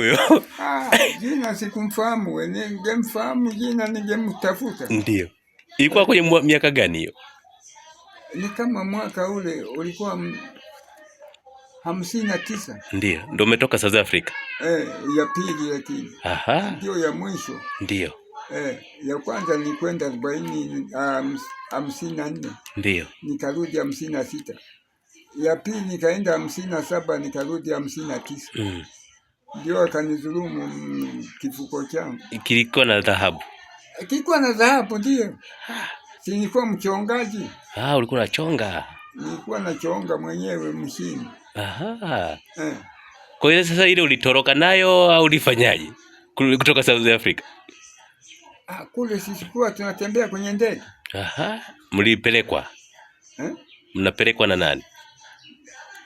huyo? Ah, jina sikumfahamu, wewe ningemfahamu jina ningemtafuta. Ndio. Ilikuwa kwenye miaka gani hiyo? Ni kama mwaka ule ulikuwa hamsini na tisa. Ndio, ndio umetoka South Africa. Eh, ya pili lakini. Aha. Ndio ya mwisho. Ndio. Eh, ya kwanza nilikwenda arobaini hamsini na nne. Ndio. Nikarudi hamsini na sita. Ya pili nikaenda hamsini na saba nikarudi hamsini na tisa. Mm ndio akanidhulumu kifuko changu. Kilikuwa na dhahabu, kilikuwa na dhahabu, ndio silikuwa mchongaji. Ah, ulikuwa nachonga Nilikuwa nachonga mwenyewe mshini. Aha. Eh. Kwa hiyo sasa ile ulitoroka nayo au ulifanyaje kutoka South Africa? Ah, kule sisikuwa tunatembea kwenye ndege. Aha. Mlipelekwa eh? Mnapelekwa na nani?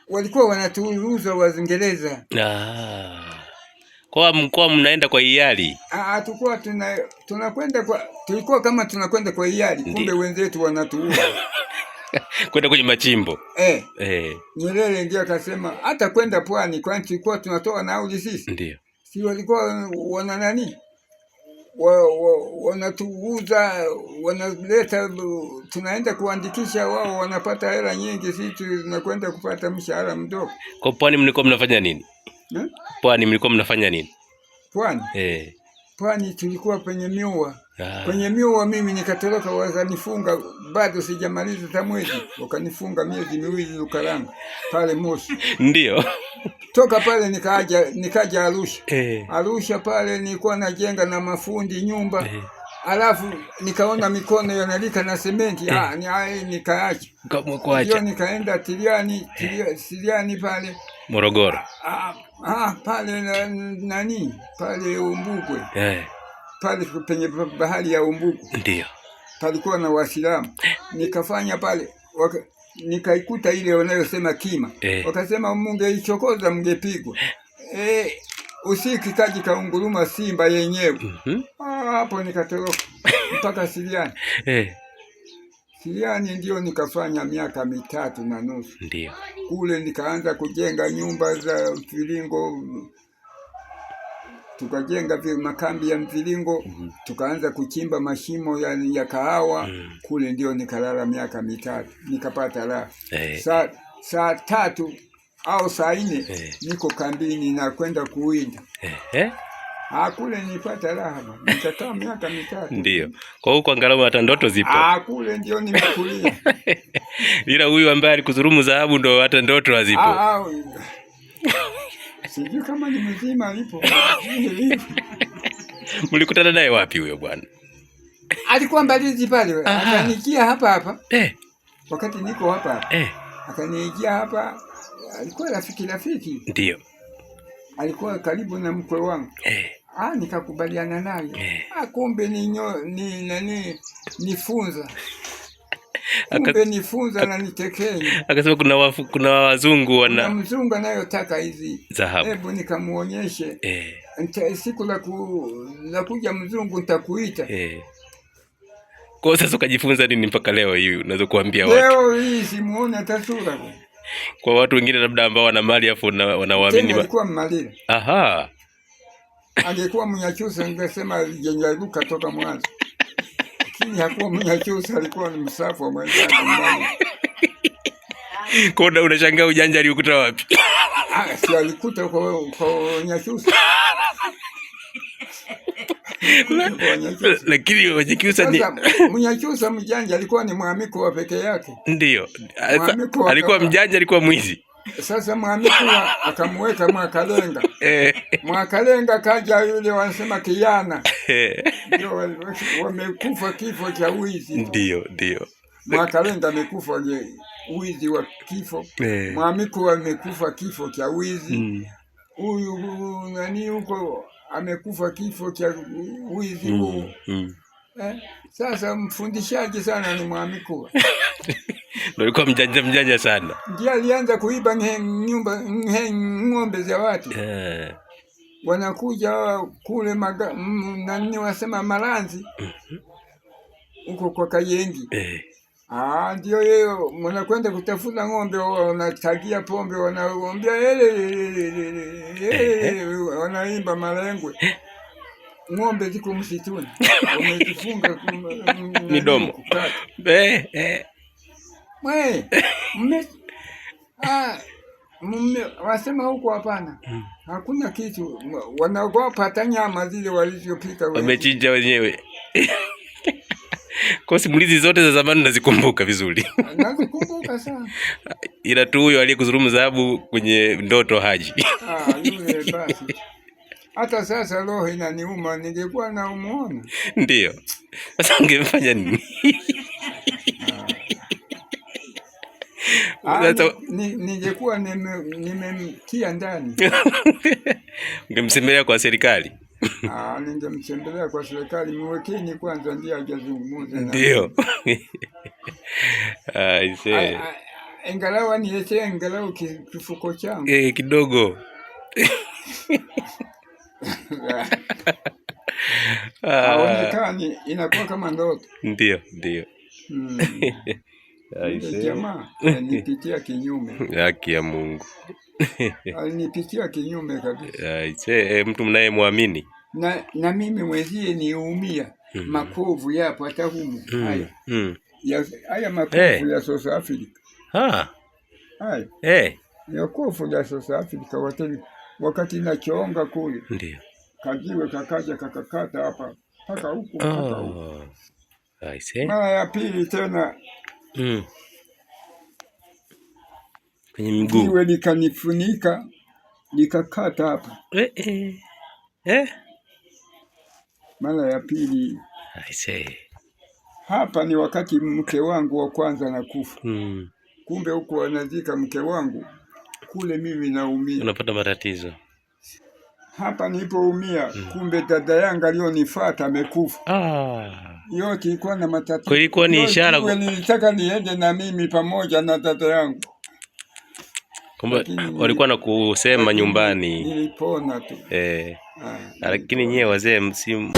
Walikuwa wanatuuza wazingereza Ah. Kwa mkoa mnaenda kwa hiari? Ah, ah tulikuwa tuna tunakwenda kwa tulikuwa kama tunakwenda kwa hiari, kumbe wenzetu wanatuua. kwenda kwenye machimbo. Eh. Eh. Nyerere ndio akasema hata kwenda pwani kwani tulikuwa tunatoa nauli sisi. Ndio. Si walikuwa wana nani? wa, wa, wanaleta, tunaenda kuandikisha, wao wanapata hela nyingi, sisi tunakwenda kupata mshahara mdogo. Kwa pwani mlikuwa mnafanya nini? Hmm? Pwani mlikuwa mnafanya nini pwani? Eh, pwani tulikuwa penye miwa. ah. Penye mimi nikatoroka, wakanifunga bado sijamaliza hata mwezi, wakanifunga miezi miwili Lukalanga pale Moshi ndio toka pale nikaja nikaja Arusha eh. Arusha pale nilikuwa najenga na mafundi nyumba eh. Alafu nikaona mikono yanalika na sementi eh. Ah, ni ai ah, eh, nikaacha hiyo, nikaenda Tiliani Tiliani eh. pale Morogoro ah, Ah, pale na, nani pale Umbukwe eh. Pale penye bahari ya umbugwe ndio palikuwa na Waislamu eh. nikafanya pale waka, nikaikuta ile wanayosema kima eh. Wakasema mungeichokoza mngepigwa eh, eh usiki kaji kaunguruma simba yenyewe mm hapo Nikatoroka mpaka Siriani eh. Siriani ndio nikafanya miaka mitatu na nusu. Ndio. Kule nikaanza kujenga nyumba za mviringo, tukajenga makambi ya mviringo mm -hmm. Tukaanza kuchimba mashimo ya, ya kahawa mm. Kule ndio nikalala miaka mitatu nikapata raha hey. Eh. Saa sa tatu au saa nne eh. Niko kambini nakwenda kuwinda eh. eh. Hakule nipata rahama, nitakaa miaka mitatu. Ndio kwa huko angalau hata ndoto zipo. Ah, kule ndio nimekulia ila huyu ambaye alikudhulumu dhahabu ndo hata ndoto hazipo. Ah, ah sijui kama ni mzima alipo. Mlikutana naye wapi huyo bwana? Alikuwa Mbalizi pale, akanikia hapa hapa eh. Wakati niko hapa eh. Akanikia hapa, alikuwa rafiki rafiki, ndio alikuwa karibu na mkwe wangu eh. Ah, nikakubaliana naye eh. Ah, kumbe ni ni nani nifunza kumbe nifunza na nitekenya. Akasema kuna wafu, kuna wazungu wana na mzungu anayotaka hizi dhahabu, hebu nikamuonyeshe eh. Nta, siku la ku, la kuja mzungu nitakuita eh. Kwa sasa ukajifunza nini mpaka leo hii unaweza kuambia watu? Leo hii simuone hata sura kwa watu wengine labda ambao wana mali afu wanawaamini. Alikuwa mmalile. Aha. Angekuwa Mnyakyusa ningesema alijaribu katoka mwanzo, lakini hakuwa Mnyakyusa, alikuwa ni msafu wa mwenzake unashangaa ujanja aliukuta wapi? Ah, si alikuta kwa kwa Nyakyusa lakini Wanyakyusa ni Mnyakyusa mjanja, alikuwa ni mwamiko wa peke yake. Ndio alikuwa mjanja, alikuwa mwizi sasa Mwamikula akamweka Mwakalenga. Eh. Mwakalenga kaja yule wanasema kijana eh. wamekufa kifo cha wizi. Ndio, ndio. Mwakalenga amekufa wizi wa kifo. Eh. Mwamikula amekufa kifo cha wizi. Mm. Huyu nani huko amekufa kifo cha wizi mm, huu. Mm. sasa mfundishaji sana ni Mwamikula Nilikuwa mjanja mjanja sana. Ndio alianza kuiba nyumba ng'ombe za watu yeah. Wanakuja kule maga, nani wasema Malanzi mhm. huko kwa Kayengi eh. Ah, ndio yeye wanakwenda kutafuta ng'ombe, wanatagia pombe, wanaombea ele, eh, eh, eh, wanaimba malengwe ng'ombe ziko msituni, wametufunga midomo eh, eh mme ah, mme wasema huko, hapana, hmm. hakuna kitu, wanaogopa hata nyama zile walizopika wamechinja wenyewe. Kwa simulizi zote za zamani nazikumbuka vizuri. Nazikumbuka sana. Ila tu huyo aliyekudhulumu zaabu kwenye ndoto Haji. Ah, yule basi. Hata sasa roho inaniuma, ningekuwa naumuona. Ndio. Sasa ungemfanya nini? Yaani, ningekuwa nimemtia ndani ungemsemberea kwa serikali ningemtembelea kwa serikali, ah, mwekeni kwanza, ndio ajazungumuze, Ndio angalau aniletee angalau kifuko changu eh, kidogo aonekani, ah. inakuwa kama ndoto. Ndio, ndio. Hmm. Jamaa alinipitia kinyume, haki ya Mungu alinipitia kinyume kabisa. Aise, eh, mtu mnayemwamini na, na mimi mwenzie niumia mm makovu yapo hata humu mm haya mm haya makovu hey. Eh. ya South Africa ha. hey. Eh. makovu ya South Africa wateni wakati nachonga kule ndio kajiwe kakaja kakakata hapa mpaka huku mpaka huku. Ah. Mara ya pili tena Mm. kwenye miguu, jiwe likanifunika likakata hapa eh, eh. eh. Mara ya pili I say. Hapa ni wakati mke wangu wa kwanza na mm. Kumbe huku wanazika mke wangu kule, mimi naumia, unapata matatizo hapa nilipoumia mm. Kumbe dada yangu aliyonifuata amekufa ah yote na matatizo. Kulikuwa ni ishara nilitaka niende na mimi pamoja na dada yangu. walikuwa na kusema nyumbani. Nilipona tu. Eh. Ah. Lakini nyewe wazee msimu